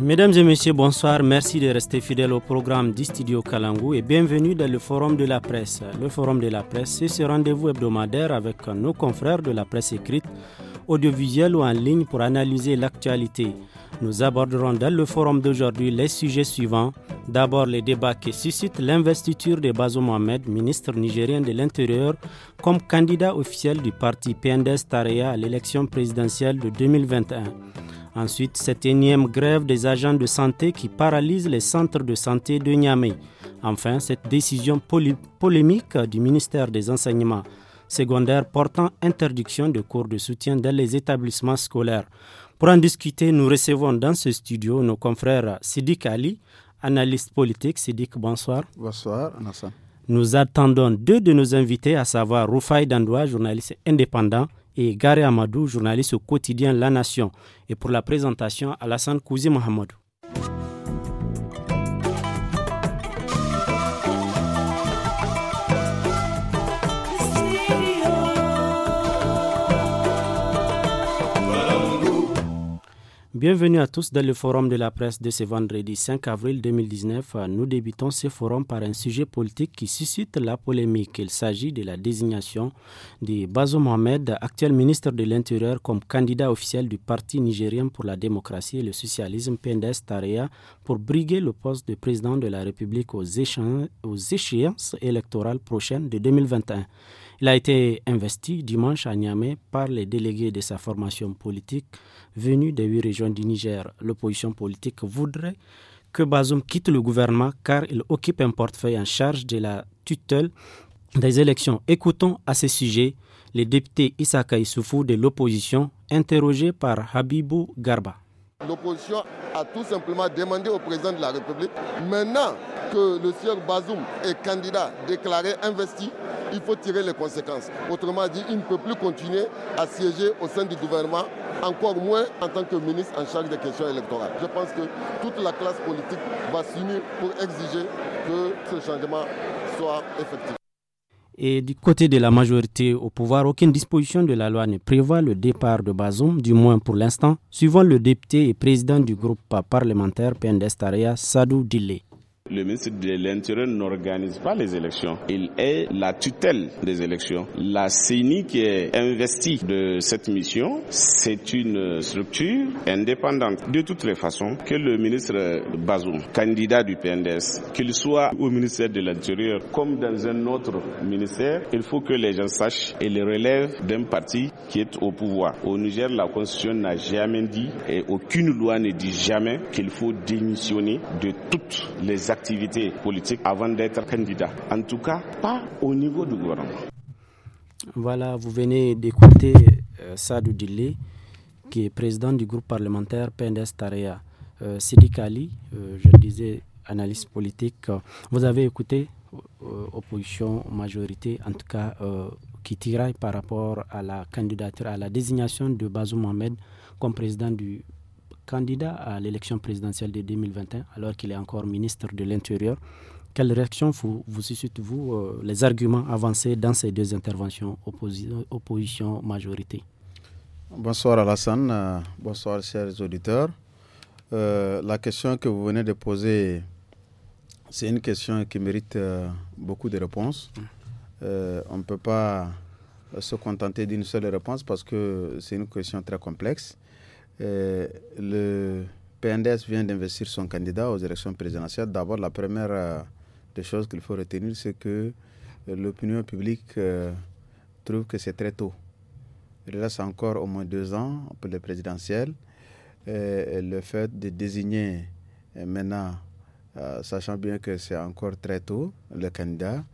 Mesdames et messieurs, bonsoir. Merci de rester fidèles au programme du Studio Kalangou et bienvenue dans le Forum de la presse. Le Forum de la presse, c'est ce rendez-vous hebdomadaire avec nos confrères de la presse écrite, audiovisuelle ou en ligne pour analyser l'actualité. Nous aborderons dans le forum d'aujourd'hui les sujets suivants. D'abord, les débats qui suscitent l'investiture de Bazo Mohamed, ministre nigérien de l'Intérieur, comme candidat officiel du parti PNDS-Tarea à l'élection présidentielle de 2021. Ensuite, cette énième grève des agents de santé qui paralyse les centres de santé de Niamey. Enfin, cette décision polémique du ministère des Enseignements secondaires portant interdiction de cours de soutien dans les établissements scolaires. Pour en discuter, nous recevons dans ce studio nos confrères Sidik Ali, analyste politique. Sidik, bonsoir. Bonsoir, Anassa. Nous attendons deux de nos invités, à savoir Rufai Dandoua, journaliste indépendant, et Gare Amadou, journaliste au quotidien La Nation. Et pour la présentation, Alassane Kouzi Mohamedou. Bienvenue à tous dans le forum de la presse de ce vendredi 5 avril 2019. Nous débutons ce forum par un sujet politique qui suscite la polémique. Il s'agit de la désignation de Bazo Mohamed, actuel ministre de l'Intérieur, comme candidat officiel du Parti nigérien pour la démocratie et le socialisme PNDS-Tarea pour briguer le poste de président de la République aux, échéances, aux échéances électorales prochaines de 2021. Il a été investi dimanche à Niamey par les délégués de sa formation politique Venu des huit régions du Niger. L'opposition politique voudrait que Bazoum quitte le gouvernement car il occupe un portefeuille en charge de la tutelle des élections. Écoutons à ce sujet le député Issaka Issoufou de l'opposition interrogé par Habibou Garba. L'opposition a tout simplement demandé au président de la République, maintenant que le sieur Bazoum est candidat déclaré investi, il faut tirer les conséquences. Autrement dit, il ne peut plus continuer à siéger au sein du gouvernement, encore moins en tant que ministre en charge des questions électorales. Je pense que toute la classe politique va s'unir pour exiger que ce changement soit effectif. Et du côté de la majorité au pouvoir, aucune disposition de la loi ne prévoit le départ de Bazoum, du moins pour l'instant, suivant le député et président du groupe parlementaire PND Estaria, Sadou Dile. Le ministre de l'Intérieur n'organise pas les élections. Il est la tutelle des élections. La CENI qui est investie de cette mission, c'est une structure indépendante. De toutes les façons, que le ministre Bazoum, candidat du PNDS, qu'il soit au ministère de l'Intérieur comme dans un autre ministère, il faut que les gens sachent et les relèvent d'un parti qui est au pouvoir. Au Niger, la Constitution n'a jamais dit et aucune loi ne dit jamais qu'il faut démissionner de toutes les actions activité politique avant d'être candidat. En tout cas, pas au niveau du gouvernement. Voilà, vous venez d'écouter euh, Sadou qui est président du groupe parlementaire PNDS Tarea. Euh, Sidi Kali, euh, je disais analyste politique, vous avez écouté opposition, majorité, en tout cas, qui tiraille par rapport à la candidature, à la désignation de Bazou Mohamed comme président du candidat à l'élection présidentielle de 2021, alors qu'il est encore ministre de l'Intérieur, quelle réaction vous, vous vous, euh, les arguments avancés dans ces deux interventions, opposition-majorité Bonsoir Alassane, euh, bonsoir chers auditeurs. Euh, la question que vous venez de poser, c'est une question qui mérite beaucoup de réponses. Mm. on ne peut pas se contenter d'une seule réponse parce que c'est une question très complexe. Euh, le PNDS vient d'investir son candidat aux élections présidentielles. D'abord, la première euh, des choses qu'il faut retenir, c'est que euh, l'opinion publique trouve que c'est très tôt. Il reste encore au moins deux ans pour les présidentielles. le fait de désigner maintenant, sachant bien que c'est encore très tôt, le candidat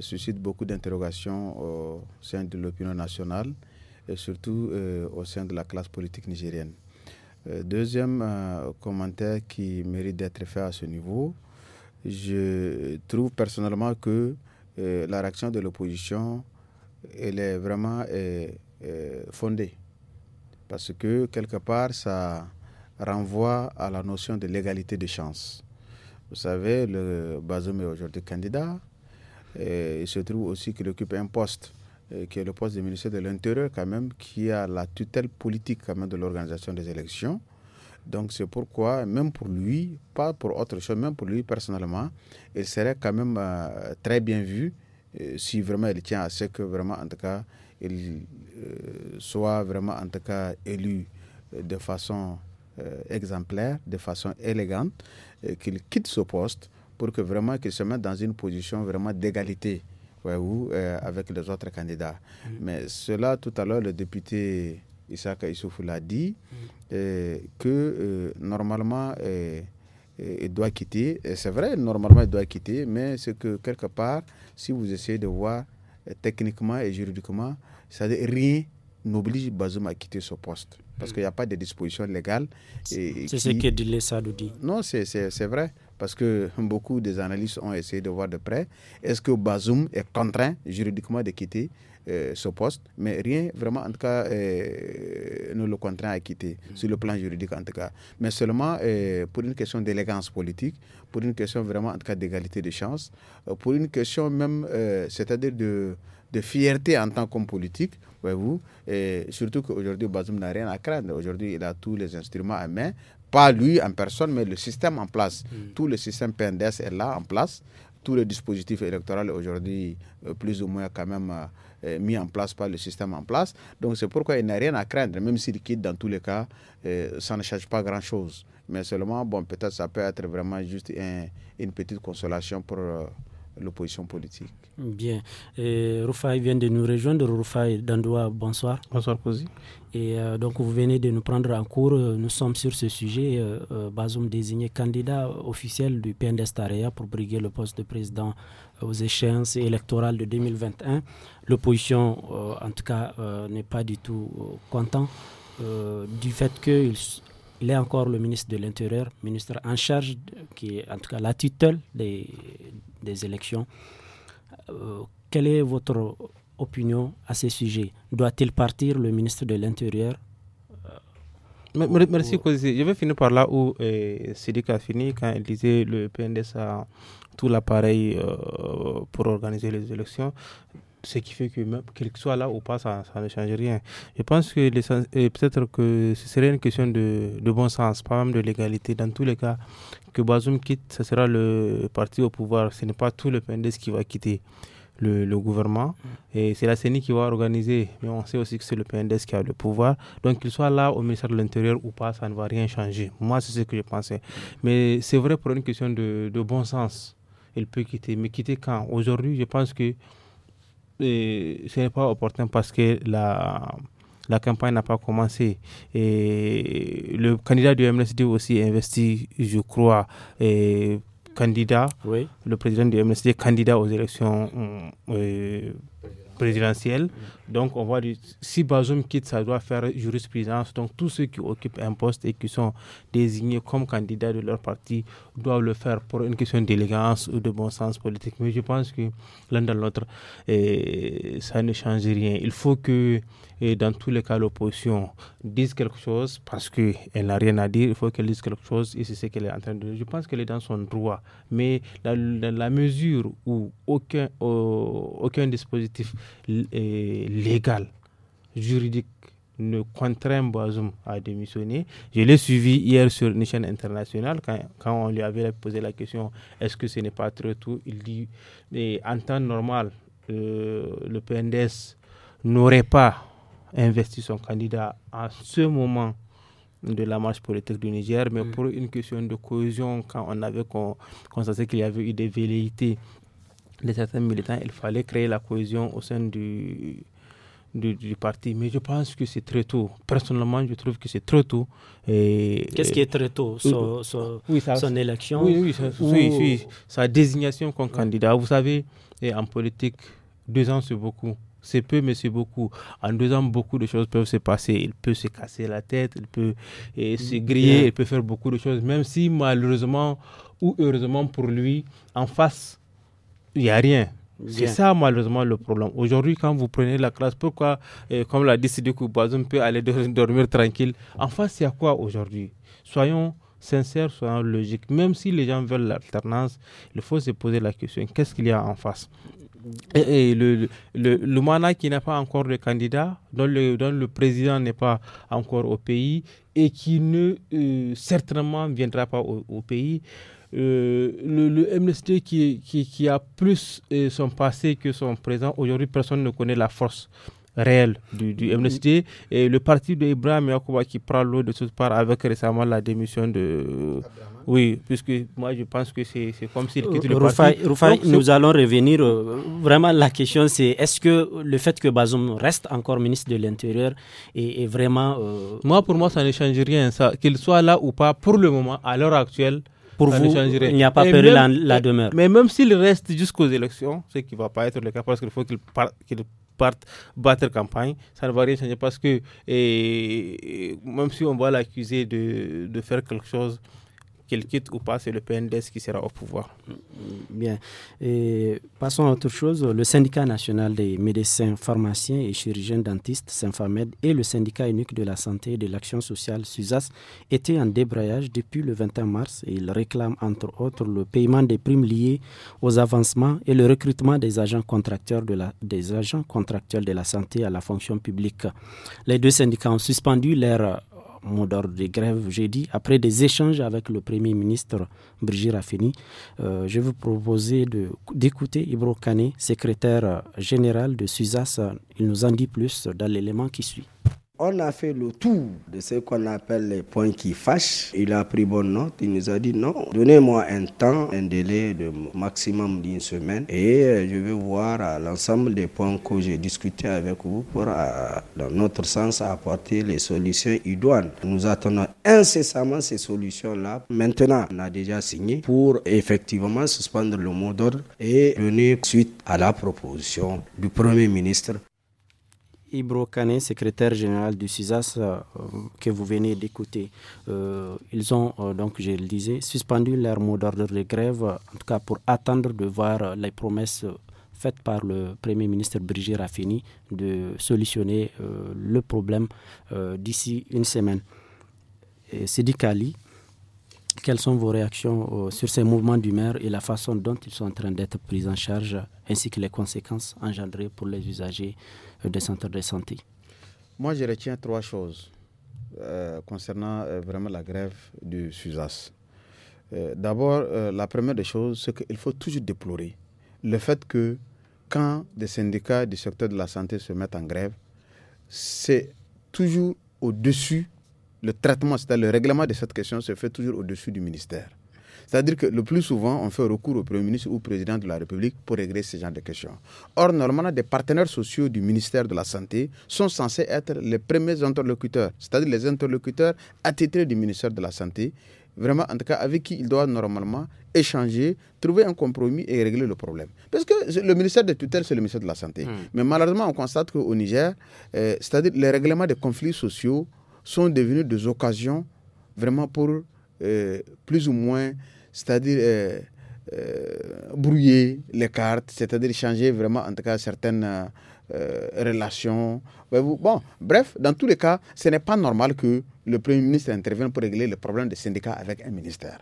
suscite beaucoup d'interrogations au sein de l'opinion nationale et surtout euh, au sein de la classe politique nigérienne. Euh, deuxième euh, commentaire qui mérite d'être fait à ce niveau, je trouve personnellement que la réaction de l'opposition, elle est vraiment fondée. Parce que quelque part, ça renvoie à la notion de l'égalité des chances. Vous savez, le Bazoum est aujourd'hui candidat. Et il se trouve aussi qu'il occupe un poste euh, qui est le poste du ministère de l'Intérieur quand même, qui a la tutelle politique quand même de l'organisation des élections. Donc c'est pourquoi, même pour lui, pas pour autre chose, même pour lui personnellement, il serait quand même euh, très bien vu euh, si vraiment il tient à ce que vraiment, en tout cas, il soit vraiment, en tout cas, élu de façon exemplaire, de façon élégante, qu'il quitte ce poste pour que vraiment qu'il se mette dans une position vraiment d'égalité Ouais euh, avec les autres candidats. Mm. Mais cela, tout à l'heure, le député Issaka Issoufou l'a dit, mm. euh, que euh, normalement, il doit quitter. C'est vrai, normalement, il doit quitter, mais c'est que quelque part, si vous essayez de voir techniquement et juridiquement, ça rien n'oblige Bazoum à quitter ce poste. Parce mm. qu'il n'y a pas de disposition légale. C'est ce que Dilé Sadou dit. Non, c'est vrai parce que beaucoup des analystes ont essayé de voir de près, est-ce que Bazoum est contraint juridiquement de quitter euh, ce poste, mais rien vraiment en tout cas euh, ne le contraint à quitter, mm. sur le plan juridique en tout cas, mais seulement euh, pour une question d'élégance politique, pour une question vraiment en tout cas d'égalité de chance, pour une question même, c'est-à-dire de, de, fierté en tant qu'homme politique, voyez-vous, surtout qu'aujourd'hui Bazoum n'a rien à craindre, aujourd'hui il a tous les instruments à main, pas lui en personne, mais le système en place. Hmm. Tout le système PNDS est là en place. Tout le dispositif électoral aujourd'hui, euh, plus ou moins quand même euh, euh, mis en place par le système en place. Donc c'est pourquoi il n'y a rien à craindre, même s'il quitte dans tous les cas, ça ne change pas grand-chose. Mais seulement, bon, peut-être ça peut être vraiment juste une petite consolation pour l'opposition politique. Bien. Roufaï vient de nous rejoindre. Rufai Dandoua, bonsoir. Bonsoir, Cosi. Et euh, donc, vous venez de nous prendre en cours. Nous sommes sur ce sujet. Euh, euh Bazoum désigné candidat officiel du PNDS pour briguer le poste de président aux échéances électorales de 2021. L'opposition, euh, en tout cas, n'est pas du tout content du fait qu'il il est encore le ministre de l'Intérieur, ministre en charge, qui est en tout cas la tutelle des, élections. Euh, quelle est votre opinion à ce sujet Doit-il partir le ministre de l'Intérieur euh, Merci, Je vais finir par là où eh, Sidik a fini quand il disait le PNDS a tout l'appareil euh, pour organiser les élections ce qui fait que même qu'il soit là ou pas, ça, ne change rien. Je pense que peut-être que ce serait une question de, bon sens, pas même de légalité. Dans tous les cas, que Bazoum quitte, ce sera le parti au pouvoir. Ce n'est pas tout le PNDS qui va quitter. Le, gouvernement. Et c'est la CENI qui va organiser. Mais on sait aussi que c'est le PNDS qui a le pouvoir. Donc qu'il soit là au ministère de l'Intérieur ou pas, ça ne va rien changer. Moi, c'est ce que je pensais. Mais c'est vrai pour une question de, bon sens. Il peut quitter. Mais quitter quand Aujourd'hui, je pense que n'est pas opportun parce que la, la campagne n'a pas commencé. Et le candidat du MSD aussi investi, je crois, et candidat, le président du MSD candidat aux élections euh, présidentielle. Donc, on voit si Bazoum quitte, ça doit faire jurisprudence. Donc, tous ceux qui occupent un poste et qui sont désignés comme candidats de leur parti doivent le faire pour une question d'élégance ou de bon sens politique. Mais je pense que l'un dans l'autre, eh, ça ne change rien. Il faut que et dans tous les cas, l'opposition dise quelque chose parce qu'elle n'a rien à dire, il faut qu'elle dise quelque chose et c'est ce qu'elle est en train de dire. Je pense qu'elle est dans son droit, mais dans, la mesure où aucun, aucun dispositif légal, juridique, ne contraint Boazoum à démissionner. Je l'ai suivi hier sur une chaîne internationale quand, quand on lui avait posé la question est-ce que ce n'est pas trop tôt Il dit en temps normal, euh, le PNDS n'aurait pas investi son candidat à ce moment de la marche politique du Niger, mais mm. pour une question de cohésion, quand on avait constaté qu'il y avait eu des velléités de certains militants, il fallait créer la cohésion au sein du, du, parti. Mais je pense que c'est très tôt. Personnellement, je trouve que c'est trop tôt. Qu'est-ce qui est très tôt euh, Son, son, élection oui, oui, Sa désignation comme candidat. Vous savez, et en politique, deux ans, c'est beaucoup. C'est peu, mais c'est beaucoup. En deux ans, beaucoup de choses peuvent se passer. Il peut se casser la tête, il peut mm, se griller, il peut faire beaucoup de choses, même si malheureusement ou heureusement pour lui, en face, il n'y a rien. Mm, c'est ça malheureusement le problème. Aujourd'hui, quand vous prenez la classe, pourquoi, eh, comme l'a décidé Sidikou Bazoum, peut aller dormir tranquille En face, il y a quoi aujourd'hui Soyons sincères, soyons logiques. Même si les gens veulent l'alternance, il faut se poser la question qu'est-ce qu'il y a en face et, le, le, le, Mana qui n'a pas encore de candidat, dont le, dont le président n'est pas encore au pays et qui ne euh, certainement ne viendra pas au, pays. Euh, le, le MST qui, qui, a plus euh, son passé que son présent, aujourd'hui personne ne connaît la force réelle du, du Et le parti de Ibrahim qui prend l'eau de toutes parts avec récemment la démission de... Oui, puisque moi je pense que c'est comme si euh, nous allons revenir. Euh, vraiment, la question c'est est-ce que le fait que Bazoum reste encore ministre de l'Intérieur est, vraiment. Euh, moi, pour moi, ça ne change rien. ça. Qu'il soit là ou pas, pour le moment, à l'heure actuelle, pour vous, il n'y a pas perdu la, la, demeure. Mais même s'il reste jusqu'aux élections, ce qui ne va pas être le cas parce qu'il faut qu'il parte, qu'il parte battre campagne, ça ne va rien changer parce que même si on va l'accuser de, de, faire quelque chose qu'il quitte ou pas, c'est le PNDS qui sera au pouvoir. Bien. passons à autre chose. Le syndicat national des médecins, pharmaciens et chirurgiens dentistes, Symphamed, et le syndicat unique de la santé et de l'action sociale, SUSAS, étaient en débrayage depuis le 21 mars et ils réclament entre autres le paiement des primes liées aux avancements et le recrutement des agents contracteurs de la, des agents contractuels de la santé à la fonction publique. Les deux syndicats ont suspendu leur mot de grève, grèves dit, après des échanges avec le Premier ministre Brigitte Raffini, euh, je vous proposer d'écouter Ibro Kane, secrétaire euh, général de SUSAS. Il nous en dit plus dans l'élément qui suit. On a fait le tour de ce qu'on appelle les points qui fâchent. Il a pris bonne note. Il nous a dit non, donnez-moi un temps, un délai de maximum d'une semaine et euh, je vais voir euh, l'ensemble des points que j'ai discuté avec vous pour, euh, dans notre sens, apporter les solutions idoines. Nous attendons incessamment ces solutions-là. Maintenant, on a déjà signé pour effectivement suspendre le mot d'ordre et donner suite à la proposition du Premier ministre Ibro Kane, secrétaire général du CISAS, euh, que vous venez d'écouter. Euh, ils ont, euh, donc, je le disais, suspendu leur mot d'ordre de grève, en tout cas pour attendre de voir les promesses faites par le Premier ministre Brigitte Raffini de solutionner le problème d'ici une semaine. C'est Sidi Kali, quelles sont vos réactions euh, sur ces mouvements du maire et la façon dont ils sont en train d'être pris en charge, ainsi que les conséquences engendrées pour les usagers euh, des centres de santé Moi, je retiens trois choses euh, concernant vraiment la grève du SUSAS. D'abord, la première des choses, c'est qu'il faut toujours déplorer le fait que quand des syndicats du secteur de la santé se mettent en grève, c'est toujours au-dessus le traitement, c'est-à-dire le règlement de cette question se fait toujours au-dessus du ministère. C'est-à-dire que le plus souvent, on fait recours au Premier ministre ou au Président de la République pour régler ce genre de questions. Or, normalement, des partenaires sociaux du ministère de la Santé sont censés être les premiers interlocuteurs, c'est-à-dire les interlocuteurs attitrés du ministère de la Santé, vraiment, en tout cas, avec qui ils doivent normalement échanger, trouver un compromis et régler le problème. Parce que le ministère de tutelle, c'est le ministère de la Santé. Hmm. Mais malheureusement, on constate qu'au Niger, euh, c'est-à-dire les règlements des conflits sociaux sont devenues des occasions vraiment pour euh, plus ou moins, c'est-à-dire euh, euh, brouiller les cartes, c'est-à-dire changer vraiment en tout cas certaines relations. Bon, bref, dans tous les cas, ce n'est pas normal que le Premier ministre intervienne pour régler le problème des syndicats avec un ministère.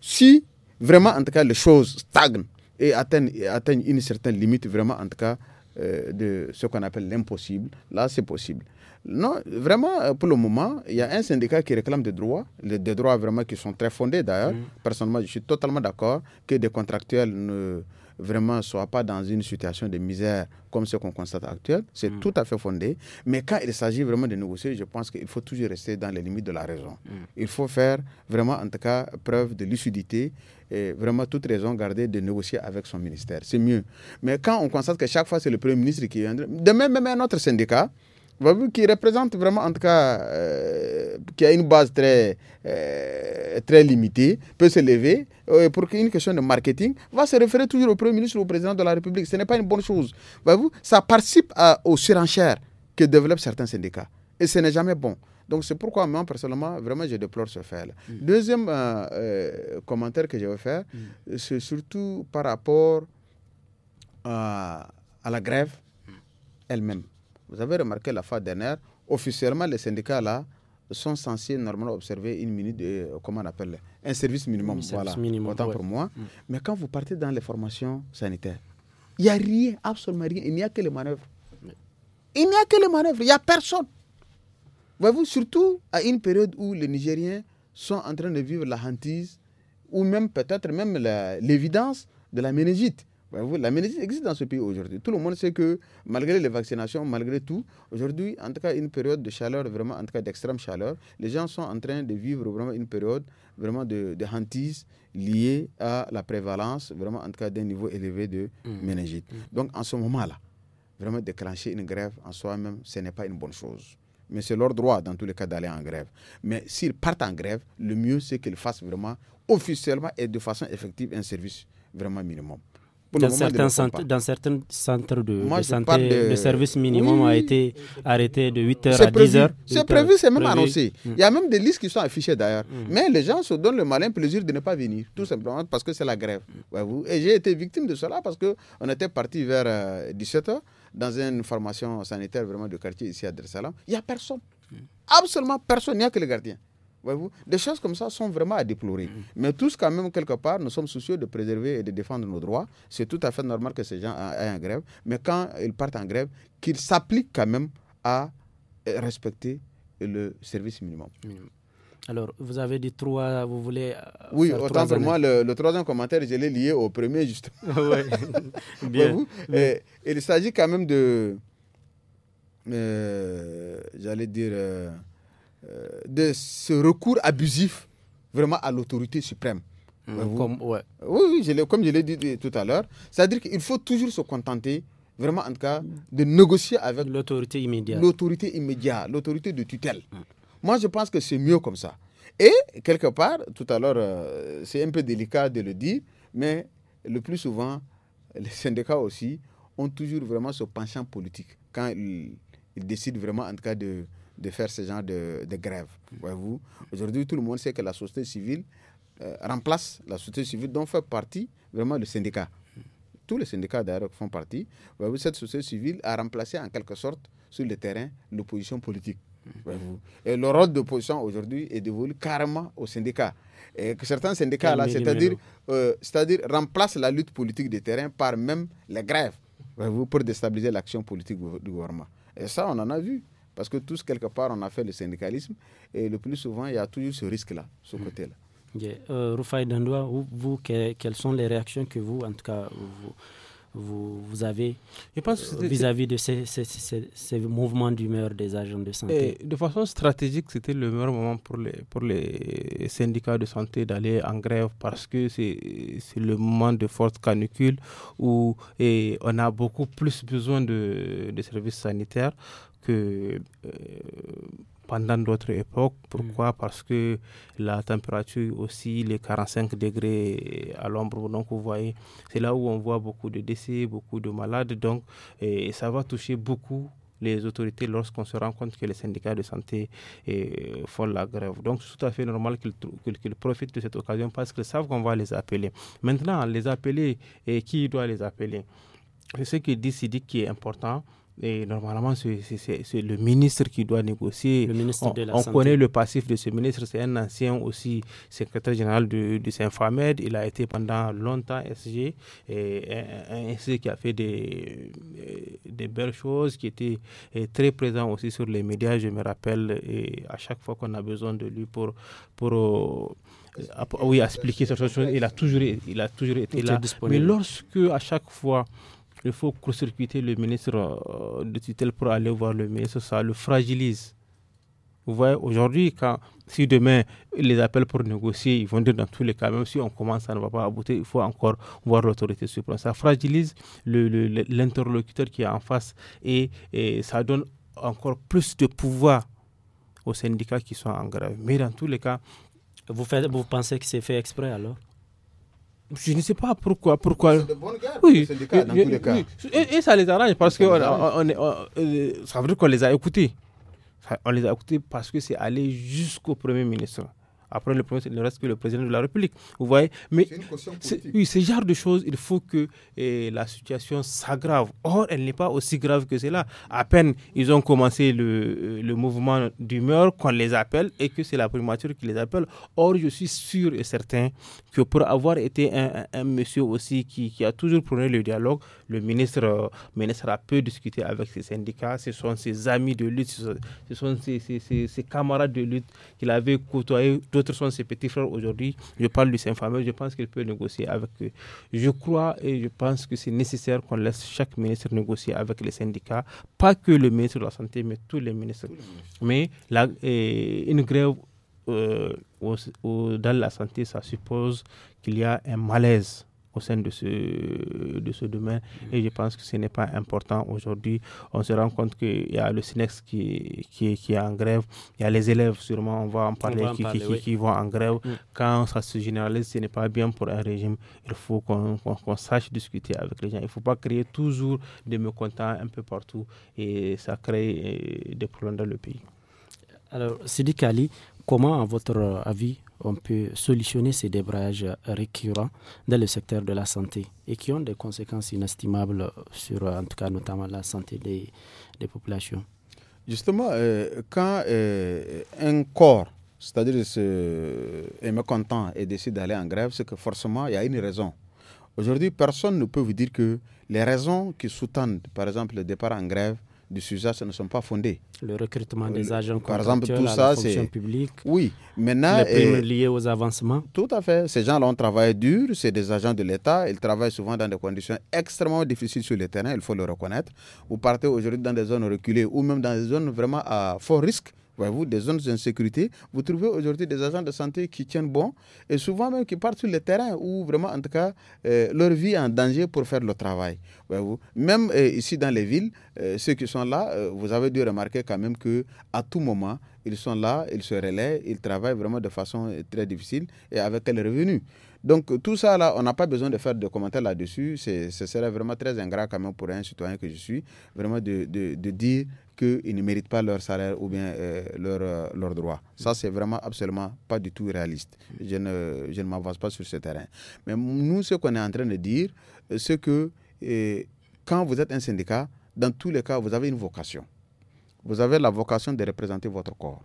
Si vraiment en tout cas les choses stagnent et et atteignent une certaine limite, vraiment en tout cas, euh, de ce qu'on appelle l'impossible, là c'est possible. Non, vraiment, euh, pour le moment, il y a un syndicat qui réclame des droits, des droits vraiment qui sont très fondés d'ailleurs. Mmh. Personnellement, je suis totalement d'accord que des contractuels ne vraiment ne pas dans une situation de misère comme ce qu'on constate actuellement. C'est mm. tout à fait fondé. Mais quand il s'agit vraiment de négocier, je pense qu'il faut toujours rester dans les limites de la raison. Mm. Il faut faire vraiment, en tout cas, preuve de lucidité et vraiment toute raison garder de négocier avec son ministère. C'est mieux. Mais quand on constate que chaque fois, c'est le Premier ministre qui vient, de même, même un autre syndicat, qui représente vraiment, en tout cas, euh, qui a une base très, euh, très limitée, peut se lever euh, pour qu'une question de marketing, va se référer toujours au Premier ministre ou au Président de la République. Ce n'est pas une bonne chose. ça participe à, aux surenchères que développent certains syndicats. Et ce n'est jamais bon. Donc c'est pourquoi moi, personnellement, vraiment, je déplore ce fait-là. Mm. Deuxième commentaire que je veux faire, mm. c'est surtout par rapport à la grève mm. elle-même. Vous avez remarqué la fois dernière, officiellement, les syndicats là sont censés normalement observer une minute de, euh, comment on appelle, un service minimum. minimum, autant pour moi. Mm. Mais quand vous partez dans les formations sanitaires, il n'y a rien, absolument rien. Il n'y a que les manœuvres. Il n'y a que les manœuvres. Il n'y a personne. Voyez-vous, surtout à une période où les Nigériens sont en train de vivre la hantise ou même peut-être même l'évidence de la ménégite la méningite existe dans ce pays aujourd'hui. Tout le monde sait que malgré les vaccinations, malgré tout, aujourd'hui, en tout cas, une période de chaleur, vraiment, en tout cas d'extrême chaleur, les gens sont en train de vivre vraiment une période vraiment de, hantise liée à la prévalence, vraiment, en tout cas, d'un niveau élevé de mmh. méningite. Mmh. Donc, en ce moment-là, vraiment déclencher une grève en soi-même, ce n'est pas une bonne chose mais c'est leur droit dans tous les cas d'aller en grève. Mais s'ils partent en grève, le mieux c'est qu'ils fassent vraiment officiellement et de façon effective un service vraiment minimum dans, certains centres, dans certains centres de, santé, le service minimum a été arrêté de 8h à 10h. C'est prévu, c'est même annoncé. Mm. Il y a même des listes qui sont affichées d'ailleurs. Mm. Mais les gens se donnent le malin plaisir de ne pas venir, tout simplement parce que c'est la grève. Et j'ai été victime de cela parce qu'on était parti vers 17h euh, dans une formation sanitaire vraiment de quartier ici à Dressalam. Il n'y a personne. Mm. Absolument personne, il n'y a que les gardiens. Des choses comme ça sont vraiment à déplorer. Mm-hmm. Mais tous, quand même, quelque part, nous sommes soucieux de préserver et de défendre nos droits. C'est tout à fait normal que ces gens aient en grève. Mais quand ils partent en grève, qu'ils s'appliquent quand même à respecter le service minimum. Alors, vous avez dit trois, vous voulez. Euh, oui, autant pour moi, le, troisième commentaire, je l'ai lié au premier, justement. bien. il s'agit quand même de. Euh, j'allais dire. Euh, de ce recours abusif vraiment à l'autorité suprême. Mmh, comme, ouais. Oui, je comme je l'ai dit tout à l'heure, c'est-à-dire qu'il faut toujours se contenter, vraiment en tout cas, de négocier avec l'autorité immédiate. L'autorité immédiate, l'autorité de tutelle. Mmh. Moi, je pense que c'est mieux comme ça. Et quelque part, tout à l'heure, euh, c'est un peu délicat de le dire, mais le plus souvent, les syndicats aussi ont toujours vraiment ce penchant politique quand ils décident vraiment en tout cas de, de faire ce genre de, grève. Voyez-vous, aujourd'hui, tout le monde sait que la société civile euh, remplace la société civile dont fait partie vraiment le syndicat. Tous les syndicats d'ailleurs font partie. Voyez-vous, cette société civile a remplacé en quelque sorte sur le terrain l'opposition politique. Voyez-vous. Et le rôle d'opposition aujourd'hui est dévolu carrément aux syndicats. Et que certains syndicats, là, c'est-à-dire, euh, c'est-à-dire remplacent la lutte politique de terrain par même les grèves, voyez-vous, pour déstabiliser l'action politique du gouvernement. Et ça, on en a vu. Parce que tous, quelque part, on a fait le syndicalisme et le plus souvent, il y a toujours ce risque-là, ce hmm. côté-là. Euh, Dandoua, vous, quelles sont les réactions que vous, en tout cas, vous, vous, avez vis-à-vis de ces, ces, mouvements d'humeur des agents de santé De façon stratégique, c'était le meilleur moment pour les, pour les syndicats de santé d'aller en grève parce que c'est le moment de forte canicule où et on a beaucoup plus besoin de, services sanitaires que... Euh, pendant d'autres époques. Pourquoi mm. Parce que la température aussi, les 45 degrés à l'ombre, donc vous voyez, c'est là où on voit beaucoup de décès, beaucoup de malades, donc et ça va toucher beaucoup les autorités lorsqu'on se rend compte que les syndicats de santé euh, font la grève. Donc, c'est tout à fait normal qu'ils profitent de cette occasion parce qu'ils savent qu'on va les appeler. Maintenant, les appeler, et qui doit les appeler C'est ce que dit Sidi qui est important et normalement, c'est le ministre qui doit négocier. Le ministre on, de on connaît le passif de ce ministre. C'est un ancien aussi secrétaire général du, Saint-Famed. Il a été pendant longtemps SG, et, un, SG qui a fait des, euh, des belles choses, qui était euh, très présent aussi sur les médias, je me rappelle, et à chaque fois qu'on a besoin de lui pour... pour euh, oui, expliquer certaines choses. Il a toujours, il a toujours été là. Mais lorsque, à chaque fois, il faut court-circuiter le ministre euh, de tutelle pour aller voir le ministre, ça le fragilise. Vous voyez, aujourd'hui, quand, si demain les appels pour négocier, ils vont dire dans tous les cas, même si on commence, ça ne va pas aboutir, il faut encore voir l'autorité suprême. Ça fragilise l'interlocuteur qui est en face et, ça donne encore plus de pouvoir aux syndicats qui sont en grève. Mais dans tous les cas. Vous, vous pensez que c'est fait exprès alors je ne sais pas pourquoi. pourquoi. C'est de bonnes dans tous les cas. Et, ça les arrange parce que on, on, euh, ça veut dire qu'on les a écoutés. On les a écoutés parce que c'est allé jusqu'au Premier ministre. Après, le il ne reste que le président de la République. Vous voyez Mais ce genre de choses, il faut que eh, la situation s'aggrave. Or, elle n'est pas aussi grave que cela. À peine ils ont commencé euh, le, mouvement d'humeur qu'on les appelle et que c'est la primature qui les appelle. Or, je suis sûr et certain que pour avoir été un, monsieur aussi qui, a toujours prôné le dialogue, le ministre, euh, ministre a peu discuté avec ses syndicats, ce sont ses amis de lutte, ce sont ses, camarades de lutte qu'il avait côtoyé sont ses petits frères aujourd'hui. Je parle du Saint-Fameux, je pense qu'il peut négocier avec eux. Je crois et je pense que c'est nécessaire qu'on laisse chaque ministre négocier avec les syndicats, pas que le ministre de la Santé, mais tous les ministres. Mais eh, une grève euh, dans la santé, ça suppose qu'il y a un malaise au sein de ce, de ce domaine. Et je pense que ce n'est pas important aujourd'hui. On se rend compte qu'il y a le SINEX qui, qui, qui, est en grève, il y a les élèves, sûrement, on va en parler, qui, qui, qui, vont en grève. Mm. Quand ça se généralise, ce n'est pas bien pour un régime. Il faut qu'on sache discuter avec les gens. Il ne faut pas créer toujours des mécontents un peu partout et ça crée euh, des problèmes dans le pays. Alors, Sidi Kali, Comment, à votre avis, on peut solutionner ces débrayages récurrents dans le secteur de la santé et qui ont des conséquences inestimables sur, euh, en tout cas, notamment la santé des, populations Justement, euh, quand euh, un corps, c'est-à-dire un mécontent et décide d'aller en grève, c'est que forcément, il y a une raison. Aujourd'hui, personne ne peut vous dire que les raisons qui sous-tendent, par exemple, le départ en grève, du sujet ne sont pas fondés. Le recrutement des agents par exemple, tout ça, c'est publique. Oui, maintenant les primes liées aux avancements. Tout à fait. Ces gens-là ont travaillé dur. C'est des agents de l'État. Ils travaillent souvent dans des conditions extrêmement difficiles sur le terrain. Il faut le reconnaître. Vous partez aujourd'hui dans des zones reculées ou même dans des zones vraiment à fort risque Voyez-vous, des zones d'insécurité. Vous trouvez aujourd'hui des agents de santé qui tiennent bon et souvent même qui partent sur le terrain où vraiment, en tout cas, euh, leur vie est en danger pour faire le travail. vous même euh, ici dans les villes, euh, ceux qui sont là, vous avez dû remarquer quand même que à tout moment, ils sont là, ils se relaient, ils travaillent vraiment de façon très difficile et avec quel revenu. Donc tout ça là, on n'a pas besoin de faire de commentaires là-dessus. Ce serait vraiment très ingrat quand même pour un citoyen que je suis, vraiment de, dire qu'ils ne méritent pas leur salaire ou bien euh, leur, euh, droit. Ça, c'est vraiment absolument pas du tout réaliste. Je ne, m'avance pas sur ce terrain. Mais nous, ce qu'on est en train de dire, euh, c'est que euh, quand vous êtes un syndicat, dans tous les cas, vous avez une vocation. Vous avez la vocation de représenter votre corps.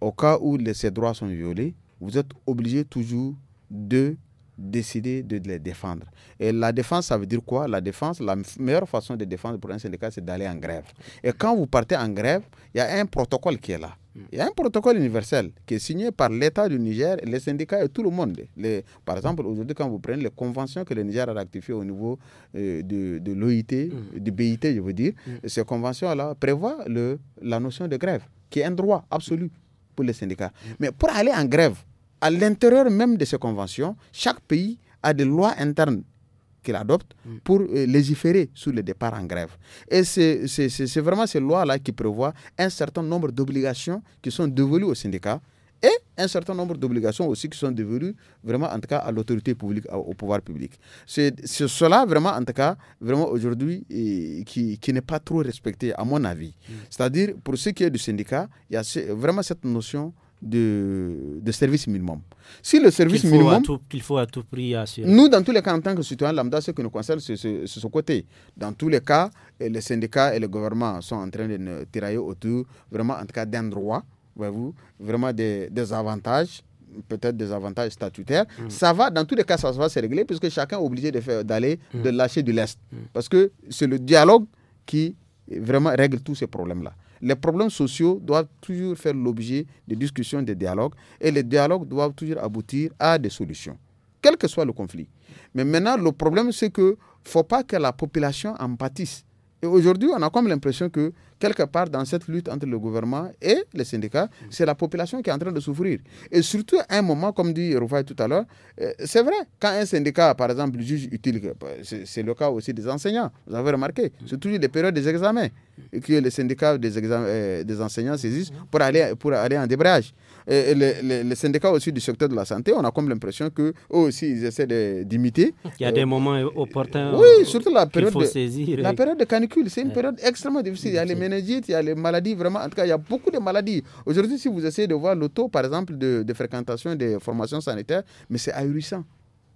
Au cas où ces droits sont violés, vous êtes obligé toujours de décider de les défendre. Et la défense, ça veut dire quoi La défense, la meilleure façon de défendre pour un syndicat, c'est d'aller en grève. Et quand vous partez en grève, il y a un protocole qui est là. Il y a un protocole universel qui est signé par l'État du Niger, les syndicats et tout le monde. Les, par exemple, aujourd'hui, quand vous prenez les conventions que le Niger a ratifiées au niveau euh, de, de l'OIT, mm. du BIT, je veux dire, mm. ces conventions-là prévoient le, la notion de grève, qui est un droit absolu pour les syndicats. Mm. Mais pour aller en grève, à l'intérieur même de ces conventions, chaque pays a des lois internes qu'il adopte mm. pour euh, légiférer sur le départ en grève. Et c'est vraiment ces lois-là qui prévoient un certain nombre d'obligations qui sont dévolues au syndicat et un certain nombre d'obligations aussi qui sont dévolues vraiment en tout cas à l'autorité publique, au pouvoir public. C'est cela vraiment en tout cas vraiment aujourd'hui qui, qui n'est pas trop respecté à mon avis. Mm. C'est-à-dire pour ce qui est du syndicat, il y a vraiment cette notion de, de service minimum. Si le service minimum. Qu'il faut à tout prix assurer. Nous, dans tous les cas, en tant que citoyens lambda, ce que nous concerne, c'est ce côté. Dans tous les cas, les syndicats et le gouvernement sont en train de nous tirailler autour, vraiment, en tout cas, d'un droit, voyez-vous, vraiment des, des avantages peut-être des avantages statutaires. Mm. Ça va, dans tous les cas, ça va se régler puisque chacun est obligé de faire, d'aller, mm. de lâcher du lest. Mm. Parce que c'est le dialogue qui vraiment règle tous ces problèmes-là. Les problèmes sociaux doivent toujours faire l'objet de discussions, de dialogues, et les dialogues doivent toujours aboutir à des solutions, quel que soit le conflit. Mais maintenant, le problème, c'est que faut pas que la population en pâtisse. Et aujourd'hui, on a comme l'impression que quelque part dans cette lutte entre le gouvernement et les syndicats, c'est la population qui est en train de souffrir. Et surtout, à un moment, comme dit Rouvaille tout à l'heure, euh, c'est vrai, quand un syndicat, par exemple, juge utile, bah, c'est le cas aussi des enseignants, vous avez remarqué, c'est toujours des périodes des examens que les syndicats des, euh, des enseignants saisissent pour aller, pour aller en débrayage. Et les, syndicats aussi du secteur de la santé, on a comme l'impression qu'eux aussi, ils essaient d'imiter. Il y a des euh, moments opportuns. Oui, surtout la période, faut de, la période de canicule. C'est une période extrêmement difficile. Il y a les il y a les maladies, vraiment, en tout cas, il y a beaucoup de maladies. Aujourd'hui, si vous essayez de voir le taux, par exemple, de, fréquentation des formations sanitaires, mais c'est ahurissant.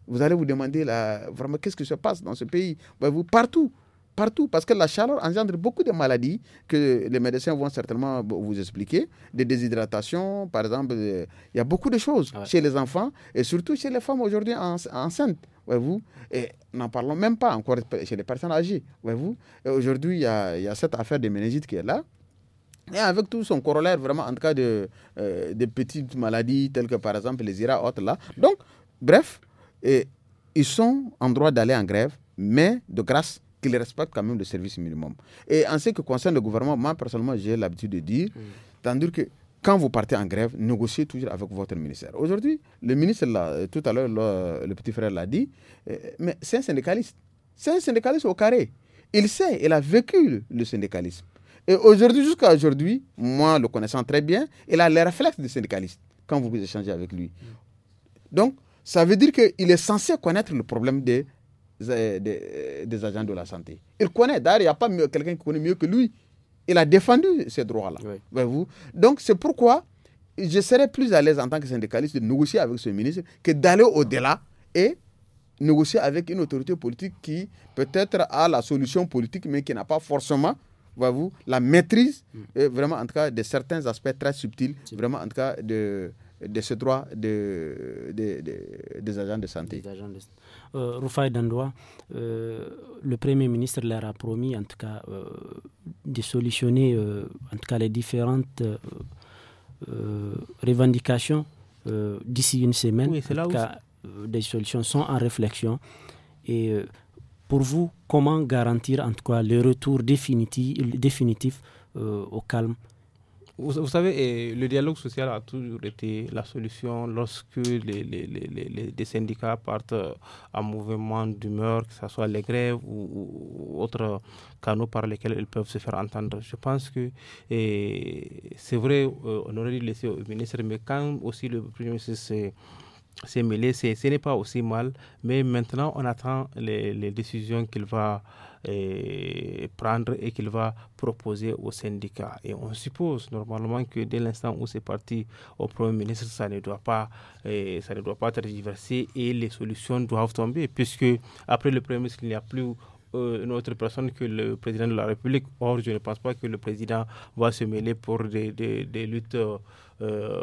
Vous allez vous demander là, vraiment qu'est-ce qui se passe dans ce pays. Ben, vous, partout, partout, parce que la chaleur engendre beaucoup de maladies que les médecins vont certainement vous expliquer, des déshydratations, par exemple, euh, il y a beaucoup de choses chez les enfants et surtout chez les femmes aujourd'hui enceintes voyez-vous, et n'en parlons même pas encore chez les personnes âgées, voyez-vous. Et aujourd'hui, il y a, cette affaire de méningite qui est là. Et avec tout son corollaire, vraiment, en tout cas, de, euh, petites maladies telles que, par exemple, les IRA, autres là. Donc, bref, et, ils sont en droit d'aller en grève, mais de grâce, qu'ils respectent quand même le service minimum. Et en ce qui concerne le gouvernement, moi, personnellement, j'ai l'habitude de dire, tandis que quand vous partez en grève, négociez toujours avec votre ministère. Aujourd'hui, le ministre, là, euh, tout à l'heure, euh, le, petit frère l'a dit, euh, mais c'est un syndicaliste. C'est un syndicaliste au carré. Il sait, il a vécu le syndicalisme. Et aujourd'hui, jusqu'à aujourd'hui, moi le connaissant très bien, il a les réflexes du syndicaliste quand vous échangez avec lui. Donc, ça veut dire qu'il est censé connaître le problème des, des, des, agents de la santé. Il connaît, d'ailleurs, il n'y a pas quelqu'un qui connaît mieux que lui il a défendu ces droits-là. Donc c'est pourquoi je serais plus à l'aise en tant que syndicaliste de négocier avec ce ministre que d'aller au-delà et négocier avec une autorité politique qui peut-être a la solution politique mais qui n'a pas forcément vous, la maîtrise, mm. euh, vraiment en tout cas de certains aspects très subtils, vraiment en tout cas de, de ce droit de, des agents de santé. Euh, Rufai Dandoua, euh, le Premier ministre leur a promis en tout cas euh, de solutionner en tout cas les différentes revendications d'ici une semaine. en tout cas, des solutions sont en réflexion. Et pour vous, comment garantir en tout cas le retour définitif au calme vous, savez, le dialogue social a toujours été la solution lorsque les, syndicats partent euh, en mouvement d'humeur, que ce soit les grèves ou, autres canaux par lesquels ils peuvent se faire entendre. Je pense que c'est vrai, euh, on aurait dû laisser au ministre, mais quand aussi le Premier ministre s'est mêlé, ce n'est pas aussi mal. Mais maintenant, on attend les décisions qu'il va prendre et qu'il va proposer au syndicat. Et on suppose normalement que dès l'instant où c'est parti au Premier ministre, ça ne doit pas, et ça ne doit pas et les solutions doivent tomber, puisque après le Premier ministre, il n'y a plus euh, une autre personne que le président de la République. Or, je ne pense pas que le président va se mêler pour des, des, luttes euh, euh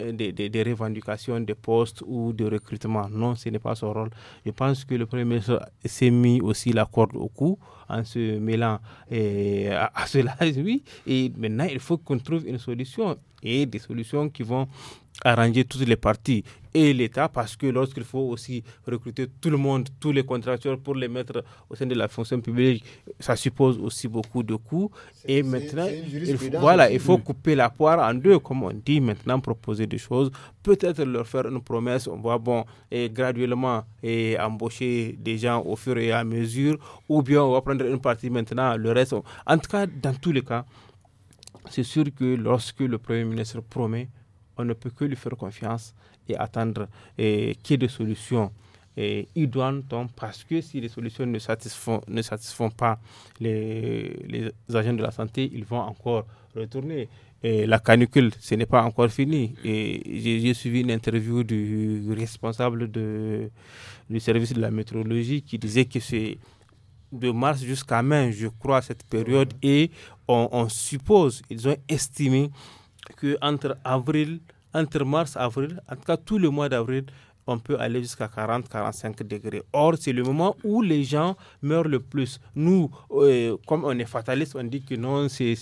euh, des, des, revendications de postes ou de recrutement. Non, ce n'est pas son rôle. Je pense que le Premier ministre s'est mis aussi la corde au cou en se mêlant et euh, à, cela, oui. Et maintenant, il faut qu'on trouve une solution et des solutions qui vont arranger toutes les parties et l'État, parce que lorsqu'il faut aussi recruter tout le monde, tous les contracteurs pour les mettre au sein de la fonction publique, ça suppose aussi beaucoup de coûts. Et maintenant, il faut, voilà, il faut couper la poire en deux, comme on dit maintenant, proposer des choses, peut-être leur faire une promesse, on va bon, et graduellement et embaucher des gens au fur et à mesure, ou bien on va prendre une partie maintenant, le reste. En tout cas, dans tous les cas, c'est sûr que lorsque le Premier ministre promet, on ne peut que lui faire confiance et attendre qu'il y ait des solutions et idoines, parce que si les solutions ne satisfont, ne satisfont pas les, agents de la santé, ils vont encore retourner. Et la canicule, ce n'est pas encore fini. Et j'ai suivi une interview du responsable de, du service de la météorologie qui disait que c'est de mars jusqu'à mai, je crois, cette période. Et on, on suppose, ils ont estimé qu'entre avril entre mars-avril, en tout cas tout le mois d'avril, on peut aller jusqu'à 40-45 degrés. Or, c'est le moment où les gens meurent le plus. Nous, euh, comme on est fataliste, on dit que non, c'est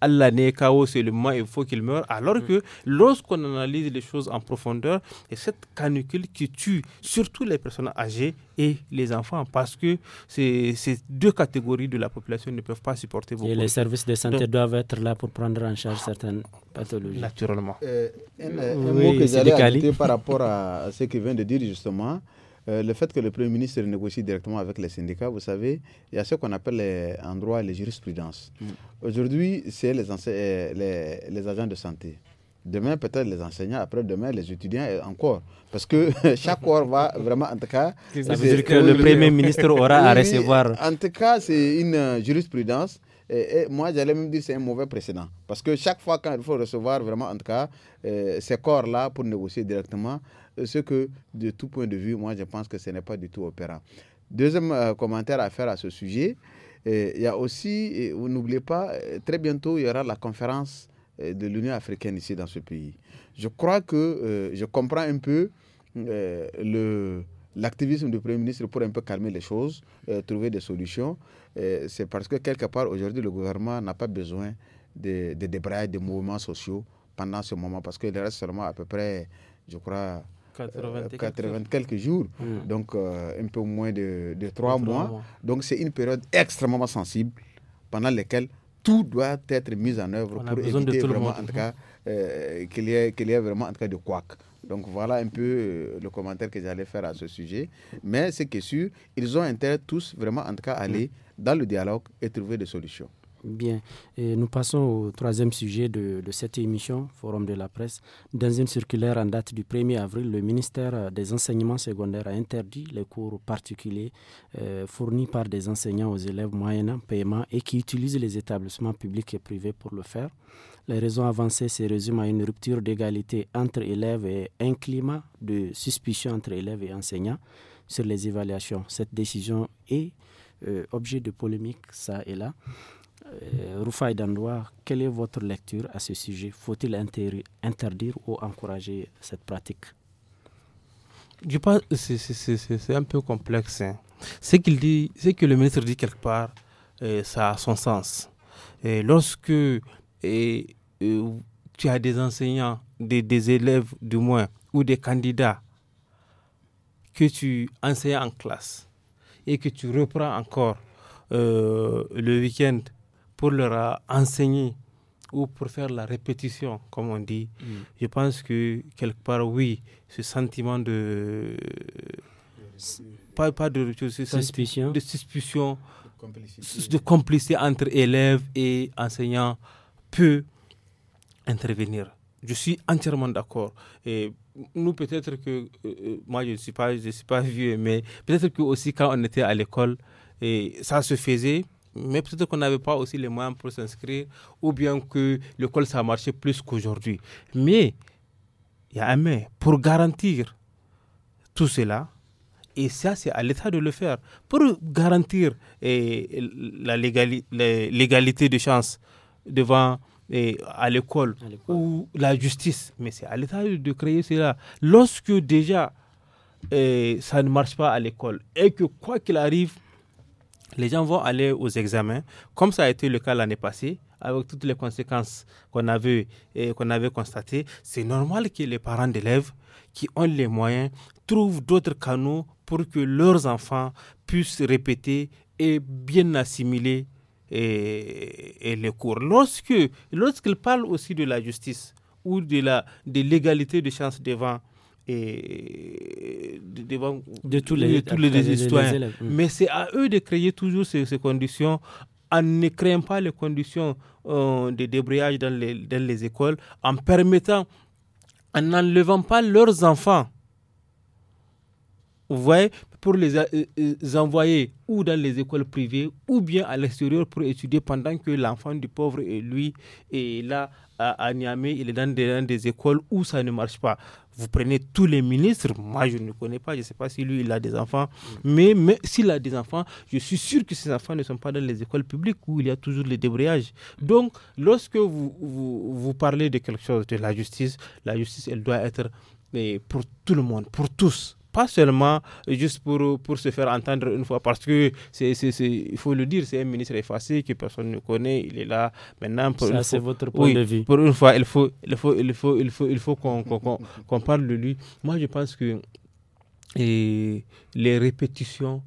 Allah n'est mois seulement, il faut qu'il meure. Alors mm. que lorsqu'on analyse les choses en profondeur, c'est cette canicule qui tue surtout les personnes âgées et les enfants, parce que ces, ces deux catégories de la population ne peuvent pas supporter beaucoup. Et les services de santé doivent être là pour prendre en charge certaines pathologies. Naturellement. Euh, un, mot que j'allais par rapport à ce qu'il vient de dire justement, euh, le fait que le Premier ministre négocie directement avec les syndicats, vous savez, il y a ce qu'on appelle les, en droit les jurisprudences. Mm. Aujourd'hui, c'est euh, les, les, agents de santé. Demain, peut-être les enseignants, après-demain, les étudiants et encore. Parce que chaque corps va vraiment, en tout cas. Ça veut dire que le Premier ministre aura à recevoir. En tout cas, c'est une euh, jurisprudence. Et, moi, j'allais même dire que c'est un mauvais précédent. Parce que chaque fois, qu'il faut recevoir vraiment, en tout cas, ces corps-là pour négocier directement, ce que de tout point de vue, moi je pense que ce n'est pas du tout opérant. Deuxième euh, commentaire à faire à ce sujet, euh, il y a aussi, vous n'oubliez pas, euh, très bientôt il y aura la conférence de l'Union africaine ici dans ce pays. Je crois que je comprends un peu le l'activisme du Premier ministre pour un peu calmer les choses, trouver des solutions. c'est parce que quelque part, aujourd'hui, le gouvernement n'a pas besoin de, de des mouvements sociaux pendant ce moment, parce qu'il reste seulement à peu près, je crois, 80, quelques jours, hmm. donc euh, un peu moins de, trois 3, mois. Donc c'est une période extrêmement sensible pendant laquelle tout doit être mis en œuvre pour éviter vraiment, en tout cas, euh, qu'il y, ait vraiment en cas de couac. Donc voilà un peu euh, le commentaire que j'allais faire à ce sujet. Mais c'est que sûr, ils ont intérêt tous vraiment en tout cas à aller hmm. dans le dialogue et trouver des solutions. Bien, nous passons au troisième sujet de, cette émission, Forum de la presse. Dans une circulaire en date du 1er avril, le ministère des enseignements secondaires a interdit les cours particuliers euh, fournis par des enseignants aux élèves moyennant paiement et qui utilisent les établissements publics et privés pour le faire. Les raisons avancées se résument à une rupture d'égalité entre élèves et un climat de suspicion entre élèves et enseignants sur les évaluations. Cette décision est euh, objet de polémique, ça et là. Euh, Roufaï Dandoua, quelle est votre lecture à ce sujet Faut-il interdire ou encourager cette pratique Je pense que c'est un peu complexe. Hein. Ce, qu'il dit, ce que le ministre dit quelque part, euh, ça a son sens. lorsque euh, tu as des enseignants, des, des, élèves du moins, ou des candidats que tu enseignes en classe et que tu reprends encore le week-end pour leur enseigner ou pour faire la répétition, comme on dit. Mm. Je pense que quelque part, oui, ce sentiment de... Pas, pas de, de, suspicion. de suspicion, de complicité. entre élèves et enseignants peut intervenir. Je suis entièrement d'accord. Et nous, peut-être que, euh, euh, moi, je ne suis, pas, je suis pas vieux, mais peut-être que aussi quand on était à l'école, ça se faisait, mais peut-être qu'on n'avait pas aussi les moyens pour s'inscrire, ou bien que l'école, ça marchait plus qu'aujourd'hui. Mais, il y a un mais, pour garantir tout cela, et ça, c'est à l'État de le faire, pour garantir eh, la, légalité de chance devant eh, à l'école ou la justice. Mais c'est à l'État de créer cela. Lorsque déjà eh, ça ne marche pas à l'école et que quoi qu'il arrive, les gens vont aller aux examens, comme ça a été le cas l'année passée, avec toutes les conséquences qu'on avait, et qu'on avait constatées. C'est normal que les parents d'élèves qui ont les moyens trouvent d'autres canaux pour que leurs enfants puissent répéter et bien assimiler les cours. Lorsque, lorsqu'ils parlent aussi de la justice ou de, la, de l'égalité de chances devant et de tous les, de les, citoyens. Mais c'est à eux de créer toujours ces, conditions en ne créant pas les conditions euh, de débrayage dans les, dans les écoles, en permettant, en n'enlevant pas leurs enfants vous voyez, pour les, euh, euh, envoyer ou dans les écoles privées ou bien à l'extérieur pour étudier pendant que l'enfant du pauvre, lui, est là à, Niamey, il est dans des, des, écoles où ça ne marche pas. Vous prenez tous les ministres, moi je ne connais pas, je ne sais pas si lui il a des enfants, mm. mais, mais s'il a des enfants, je suis sûr que ces enfants ne sont pas dans les écoles publiques où il y a toujours les débrayages. Donc, lorsque vous, vous parlez de quelque chose, de la justice, la justice, elle doit être eh, pour tout le monde, pour tous pas seulement juste pour, pour se faire entendre une fois, parce que c'est, il faut le dire, c'est un ministre effacé que personne ne connaît, il est là maintenant. Pour Ça, c'est votre point de vue. Pour une fois, il faut, il faut, il faut, il faut, il faut qu'on, parle de lui. Moi, je pense que et les répétitions,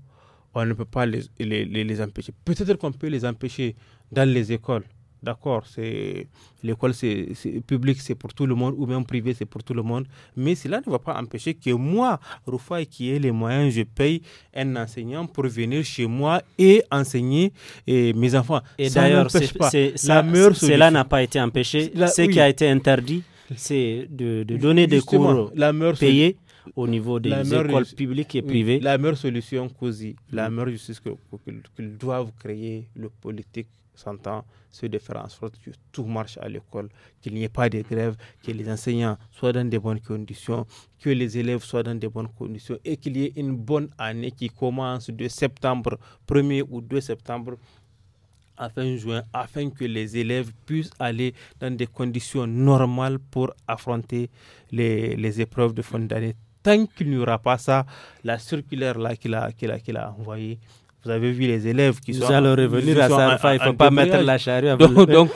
on ne peut pas les, les, les empêcher. Peut-être qu'on peut les empêcher dans les écoles D'accord, c'est l'école c'est public, c'est pour tout le monde, ou même privé, c'est pour tout le monde. Mais cela ne va pas empêcher que moi, Rufai, qui ai les moyens, je paye un enseignant pour venir chez moi et enseigner mes enfants. Et d'ailleurs, cela n'a pas été empêché. Ce qui a été interdit, c'est de, donner des cours payés au niveau des écoles publiques et privées. la meilleure solution, COSI, la mm. meilleure justice qu'ils doivent créer, le politique s'entend de faire en sorte que tout marche à l'école, qu'il n'y ait pas de grève, que les enseignants soient dans de bonnes conditions, que les élèves soient dans de bonnes conditions et qu'il y ait une bonne année qui commence de septembre, 1er ou 2 septembre à fin juin, afin que les élèves puissent aller dans des conditions normales pour affronter les, les épreuves de fin d'année. Tant qu'il n'y aura pas ça, la circulaire là qu'il a, qu'il a, qu'il a envoyée vous avez vu les élèves qui sont. allés revenir à ça. il ne faut pas mettre la charrue avant donc,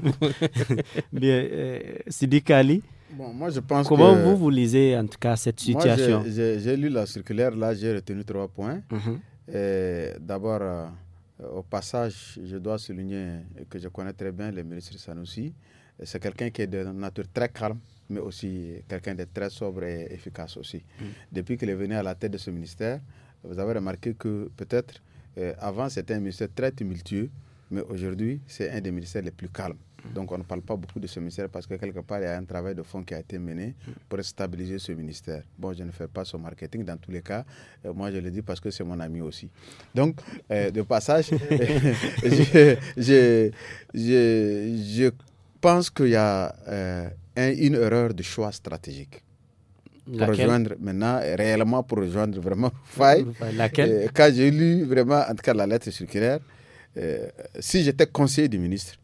Bien, euh, Sidi Kali. Bon, moi, je pense Comment vous, vous lisez en tout cas cette situation J'ai lu la circulaire, là, j'ai retenu trois points. Mhm. D'abord, euh, au passage, je dois souligner que je connais très bien le ministre Sanoussi. C'est quelqu'un qui est de nature très calme, mais aussi quelqu'un de très sobre et efficace aussi. Mhm. Depuis qu'il est venu à la tête de ce ministère, vous avez remarqué que peut-être euh, avant, c'était un ministère très tumultueux, mais aujourd'hui, c'est un des ministères les plus calmes. Donc, on ne parle pas beaucoup de ce ministère parce que quelque part, il y a un travail de fond qui a été mené pour stabiliser ce ministère. Bon, je ne fais pas son marketing dans tous les cas. Euh, moi, je le dis parce que c'est mon ami aussi. Donc, euh, de passage, je, je, pense qu'il y a une erreur de choix stratégique pour rejoindre maintenant, réellement pour rejoindre vraiment Faye. Euh, laquelle euh, Quand j'ai lu vraiment, en tout cas, la lettre circulaire, euh, si j'étais conseiller du ministre,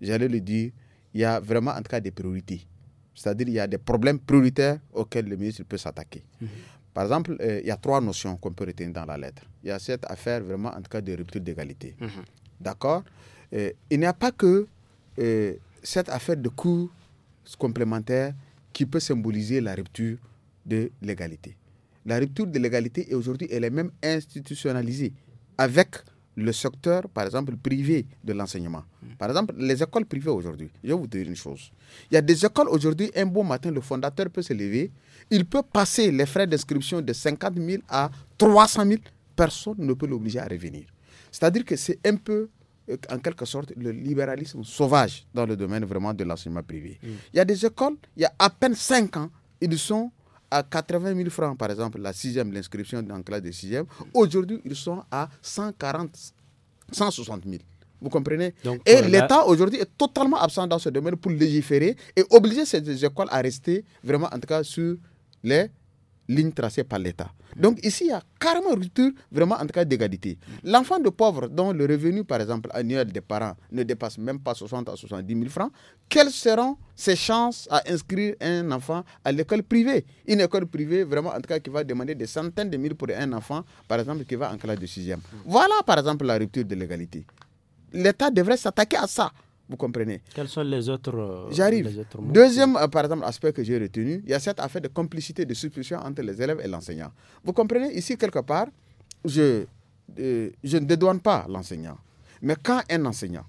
j'allais lui dire il y a vraiment, en tout cas, des priorités. C'est-à-dire, il y a des problèmes prioritaires auxquels le ministre peut s'attaquer. Mhm. Par exemple, il y a trois notions qu'on peut retenir dans la lettre. Il y a cette affaire vraiment, en tout cas, de rupture d'égalité. Mhm. D'accord Il n'y a pas que cette affaire de coûts complémentaires qui peut symboliser la rupture de l'égalité. La rupture de l'égalité est aujourd'hui, elle est même institutionnalisée avec le secteur, par exemple, privé de l'enseignement. Hmm. Par exemple, les écoles privées aujourd'hui. Je vais vous dire une chose. Il y a des écoles aujourd'hui, un bon matin, le fondateur peut se lever, il peut passer les frais d'inscription de 50 000 à 300 000, personne ne peut l'obliger à revenir. C'est-à-dire que c'est un peu, euh, en quelque sorte, le libéralisme sauvage dans le domaine vraiment de l'enseignement privé. Hmm. Il y a des écoles, il y a à peine 5 ans, ils sont à 80 000 francs, par exemple, la sixième, l'inscription dans la classe de sixième. Aujourd'hui, ils sont à 140, 160 000. Vous comprenez Donc, Et l'État aujourd'hui est totalement absent dans ce domaine pour légiférer et obliger ces écoles à rester vraiment, en tout cas, sur les ligne tracée par l'État. Donc ici, il y a carrément rupture vraiment en tout cas d'égalité. L'enfant de pauvre dont le revenu par exemple annuel des parents ne dépasse même pas 60 à 70 000 francs, quelles seront ses chances à inscrire un enfant à l'école privée Une école privée vraiment en tout cas qui va demander des centaines de milliers pour un enfant par exemple qui va en classe de sixième. Voilà par exemple la rupture de l'égalité. L'État devrait s'attaquer à ça. Vous comprenez Quels sont les autres. Euh, J'arrive. Deuxième, euh, par exemple, aspect que j'ai retenu, il y a cette affaire de complicité, de suspicion entre les élèves et l'enseignant. Vous comprenez Ici, quelque part, je, euh, je ne dédouane pas l'enseignant. Mais quand un enseignant,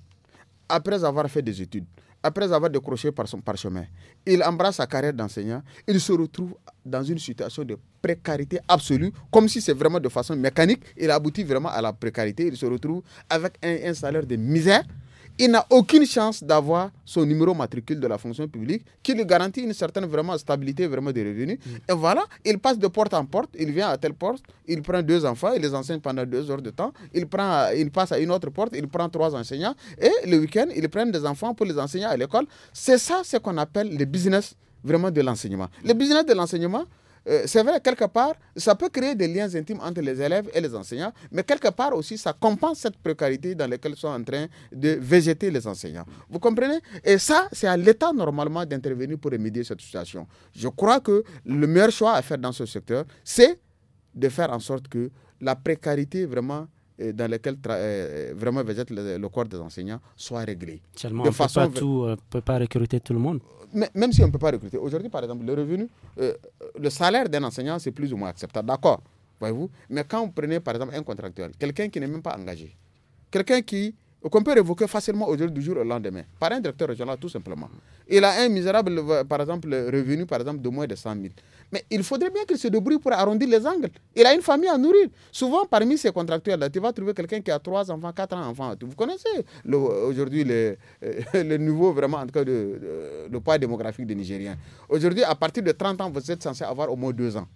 après avoir fait des études, après avoir décroché par son parchemin, il embrasse sa carrière d'enseignant, il se retrouve dans une situation de précarité absolue, comme si c'est vraiment de façon mécanique, il aboutit vraiment à la précarité, il se retrouve avec un, un salaire de misère, il n'a aucune chance d'avoir son numéro matricule de la fonction publique qui lui garantit une certaine vraiment stabilité vraiment des revenus. Mm. Et voilà, il passe de porte en porte, il vient à telle porte, il prend deux enfants, il les enseigne pendant deux heures de temps, il, prend, il passe à une autre porte, il prend trois enseignants et le week-end, il prend des enfants pour les enseigner à l'école. C'est ça ce qu'on appelle le business vraiment de l'enseignement. Le business de l'enseignement, euh, c'est vrai, quelque part, ça peut créer des liens intimes entre les élèves et les enseignants, mais quelque part aussi, ça compense cette précarité dans laquelle sont en train de végéter les enseignants. Vous comprenez Et ça, c'est à l'État normalement d'intervenir pour remédier cette situation. Je crois que le meilleur choix à faire dans ce secteur, c'est de faire en sorte que la précarité vraiment dans lesquels euh, euh, vraiment végète le, le, corps des enseignants soit réglé. Seulement, de on façon... ne euh, peut pas recruter tout le monde. Mais, même si on ne peut pas recruter. Aujourd'hui, par exemple, le revenu, le salaire d'un enseignant, c'est plus ou moins acceptable. D'accord, voyez-vous. Mais quand vous prenez, par exemple, un contractuel, quelqu'un qui n'est même pas engagé, quelqu'un qui qu'on peut révoquer facilement aujourd'hui du jour au lendemain, par un directeur régional tout simplement. Il a un misérable, par exemple, revenu par exemple, de moins de 100 000. Mais il faudrait bien qu'il se débrouille pour arrondir les angles. Il a une famille à nourrir. Souvent, parmi ces contractuels-là, tu vas trouver quelqu'un qui a trois enfants, quatre enfants. Vous connaissez aujourd'hui le, euh, niveau, vraiment, en tout cas, le, poids démographique des Nigériens. Aujourd'hui, à partir de 30 ans, vous êtes censé avoir au moins deux ans.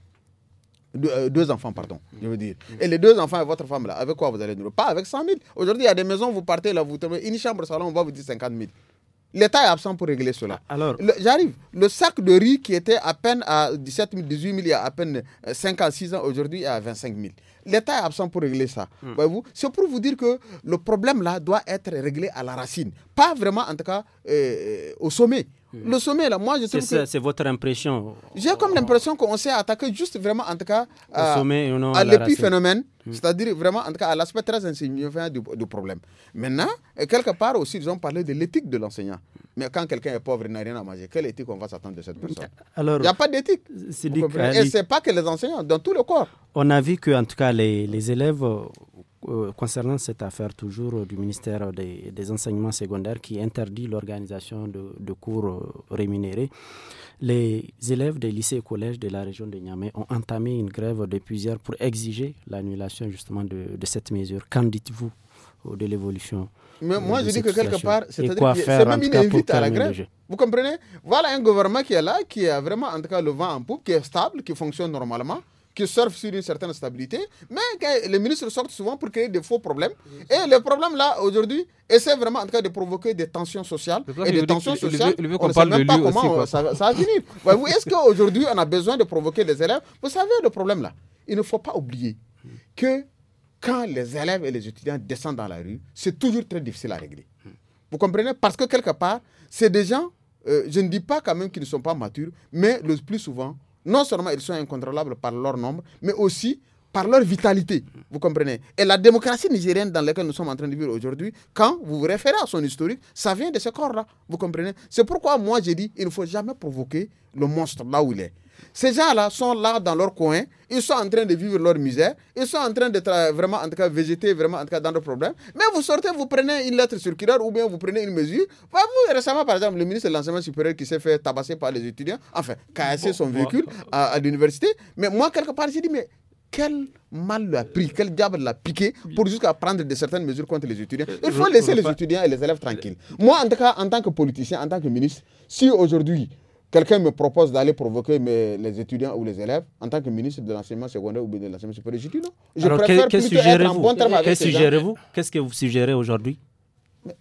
deux, euh, enfants, pardon, je veux dire. Mm. Et les deux enfants et votre femme, là, avec quoi vous allez nourrir Pas avec 100 000. Aujourd'hui, il y a des maisons, vous partez là, vous tombez une chambre salon, on va vous dire 50 000. L'État est absent pour régler cela. Ah, alors, j'arrive. Le sac de riz qui était à peine à 17 000, 18 000 il y a à peine 5 euh, ans, 6 ans, aujourd'hui est à 25 000. L'État est absent pour régler ça. Hmm. Voyez-vous, c'est pour vous dire que le problème là doit être réglé à la racine, pas vraiment en tout cas euh, euh, au sommet. Le sommet, là, moi, je trouve C'est votre impression J'ai comme l'impression qu'on s'est attaqué juste vraiment, en tout cas, à, l'épiphénomène, mm. c'est-à-dire vraiment, en tout cas, à l'aspect très insignifiant du, problème. Maintenant, quelque part aussi, ils ont parlé de l'éthique de l'enseignant. Mais quand quelqu'un est pauvre, il n'a rien à manger, quelle éthique on va s'attendre de cette personne Alors, Il n'y a pas d'éthique. Et ce n'est pas que les enseignants, dans tout le corps. On a vu que, en tout cas, les, les élèves euh, concernant cette affaire toujours euh, du ministère des, enseignements secondaires qui interdit l'organisation de, cours euh, rémunérés, les élèves des lycées et collèges de la région de Niamey ont entamé une grève de plusieurs pour exiger l'annulation justement de, cette mesure. Qu'en dites-vous de l'évolution. Mais moi, je dis que quelque part, c'est même une à la grève. Vous comprenez Voilà un gouvernement qui est là, qui a vraiment, en tout cas, le vent en poupe, qui est stable, qui fonctionne normalement qui surfent sur une certaine stabilité, mais que les ministres sortent souvent pour créer des faux problèmes. Et le problème là, aujourd'hui, essaie vraiment en tout de provoquer des tensions sociales. Et des tensions sociales, on ne sait même pas comment ça, va finir. est-ce qu'aujourd'hui, on a besoin de provoquer des élèves Vous savez le problème là. Il ne faut pas oublier que quand les élèves et les étudiants descendent dans la rue, c'est toujours très difficile à régler. Vous comprenez Parce que quelque part, c'est des gens, euh, je ne dis pas quand même qu'ils ne sont pas matures, mais le plus souvent, non seulement ils sont incontrôlables par leur nombre, mais aussi par leur vitalité. Vous comprenez Et la démocratie nigérienne dans laquelle nous sommes en train de vivre aujourd'hui, quand vous vous référez à son historique, ça vient de ce corps-là. Vous comprenez C'est pourquoi moi j'ai dit, il ne faut jamais provoquer le monstre là où il est. Ces gens-là sont là dans leur coin, ils sont en train de vivre leur misère, ils sont en train de euh, vraiment, en tout cas, végéter, vraiment, en tout cas, dans leurs problèmes. Mais vous sortez, vous prenez une lettre circulaire ou bien vous prenez une mesure. vous, récemment, par exemple, le ministre de l'Enseignement supérieur qui s'est fait tabasser par les étudiants, enfin, casser son véhicule à, à l'université. Mais moi, quelque part, j'ai dit, mais quel mal l'a pris, quel diable l'a piqué pour jusqu'à prendre de certaines mesures contre les étudiants. Euh, Il faut laisser les étudiants et les élèves tranquilles. Moi, en tout cas, en tant que politicien, en tant que ministre, si aujourd'hui quelqu'un me propose d'aller provoquer les étudiants ou les élèves, en tant que ministre de l'enseignement secondaire ou de l'enseignement supérieur, je dis non. Je Alors, préfère que, bon terme avec Qu'est-ce que Qu'est-ce que vous suggérez aujourd'hui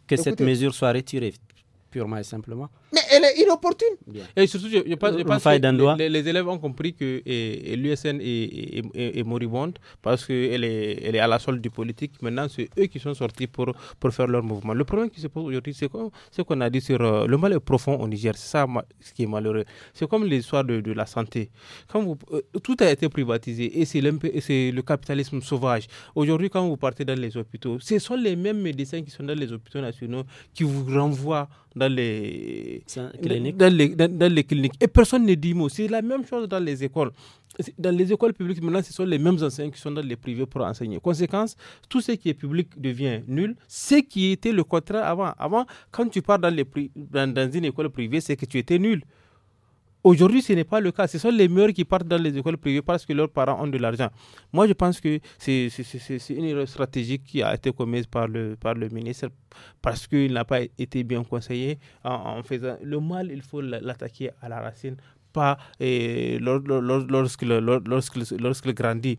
Que cette mesure soit retirée, purement et simplement mais elle est inopportune. Et surtout, je, les, élèves ont compris que eh, eh, l'USN est, moribonde parce qu'elle est, elle est à la solde du politique. Maintenant, c'est eux qui sont sortis pour, pour faire leur mouvement. Le problème qui se pose aujourd'hui, c'est ce qu'on a dit sur euh, le mal est profond au Niger. C'est ça ce qui est malheureux. C'est comme l'histoire de, la santé. Quand euh, tout a été privatisé et c'est le capitalisme sauvage. Aujourd'hui, quand vous partez dans les hôpitaux, ce sont les mêmes médecins qui sont dans les hôpitaux nationaux qui vous renvoient dans les dans, les, dans, les cliniques. Et personne ne dit mot. C'est la même chose dans les écoles. Dans les écoles publiques, maintenant, ce sont les mêmes enseignants qui sont dans les privés pour enseigner. Conséquence, tout ce qui est public devient nul. Ce qui était le contraire avant. Avant, quand tu pars dans, les, dans, dans une école privée, c'est que tu étais nul. Aujourd'hui, ce n'est pas le cas. Ce sont les meilleurs qui partent dans les écoles privées parce que leurs parents ont de l'argent. Moi, je pense que c'est une erreur stratégique qui a été commise par le, par le ministre parce qu'il n'a pas été bien conseillé en, faisant le mal, il faut l'attaquer à la racine, pas et eh, lorsqu'il grandit.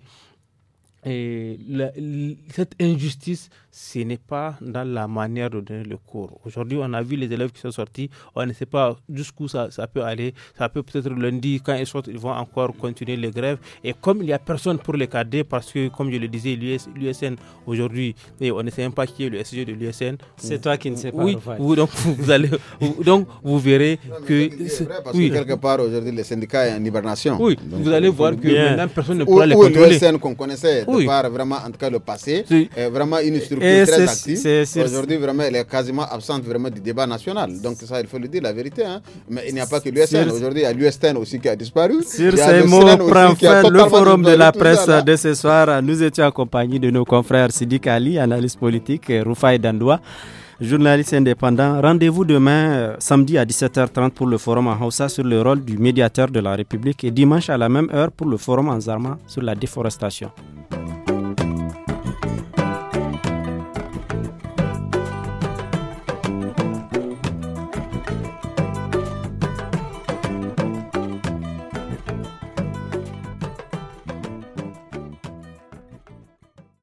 Et cette injustice, ce n'est pas dans la manière de donner le cours. Aujourd'hui, on a vu les élèves qui sont sortis, on ne sait pas jusqu'où ça, ça, peut aller. Ça peut peut-être lundi, quand ils sortent, ils vont encore continuer les grèves. Et comme il n'y a personne pour les cadrer, parce que, comme je le disais, l'USN aujourd'hui, on ne sait même pas qui est le SG de l'USN. C'est toi qui ne sais pas. Oui, donc, vous allez, donc vous verrez que. parce oui. que quelque part, aujourd'hui, les syndicats est en hibernation. Oui, vous allez euh, voir que personne ne pourra les contrôler. l'USN qu'on connaissait par vraiment, en tout cas, le passé, euh, vraiment une structure très active. Aujourd'hui, vraiment, elle est quasiment absente vraiment du débat national. Donc, ça, il faut le dire, la vérité. Hein. Mais il n'y a pas que l'USN. Aujourd'hui, il y a l'USN aussi qui a disparu. Sur ces mots, prend fin le forum de la presse de ce soir. Nous étions accompagnés de nos confrères Sidi Kali, analyste politique, et Dandoua journaliste indépendant. Rendez-vous demain, euh, samedi à 17h30 pour le forum en Hausa sur le rôle du médiateur de la République et dimanche à la même heure pour le forum en Zarma sur la déforestation.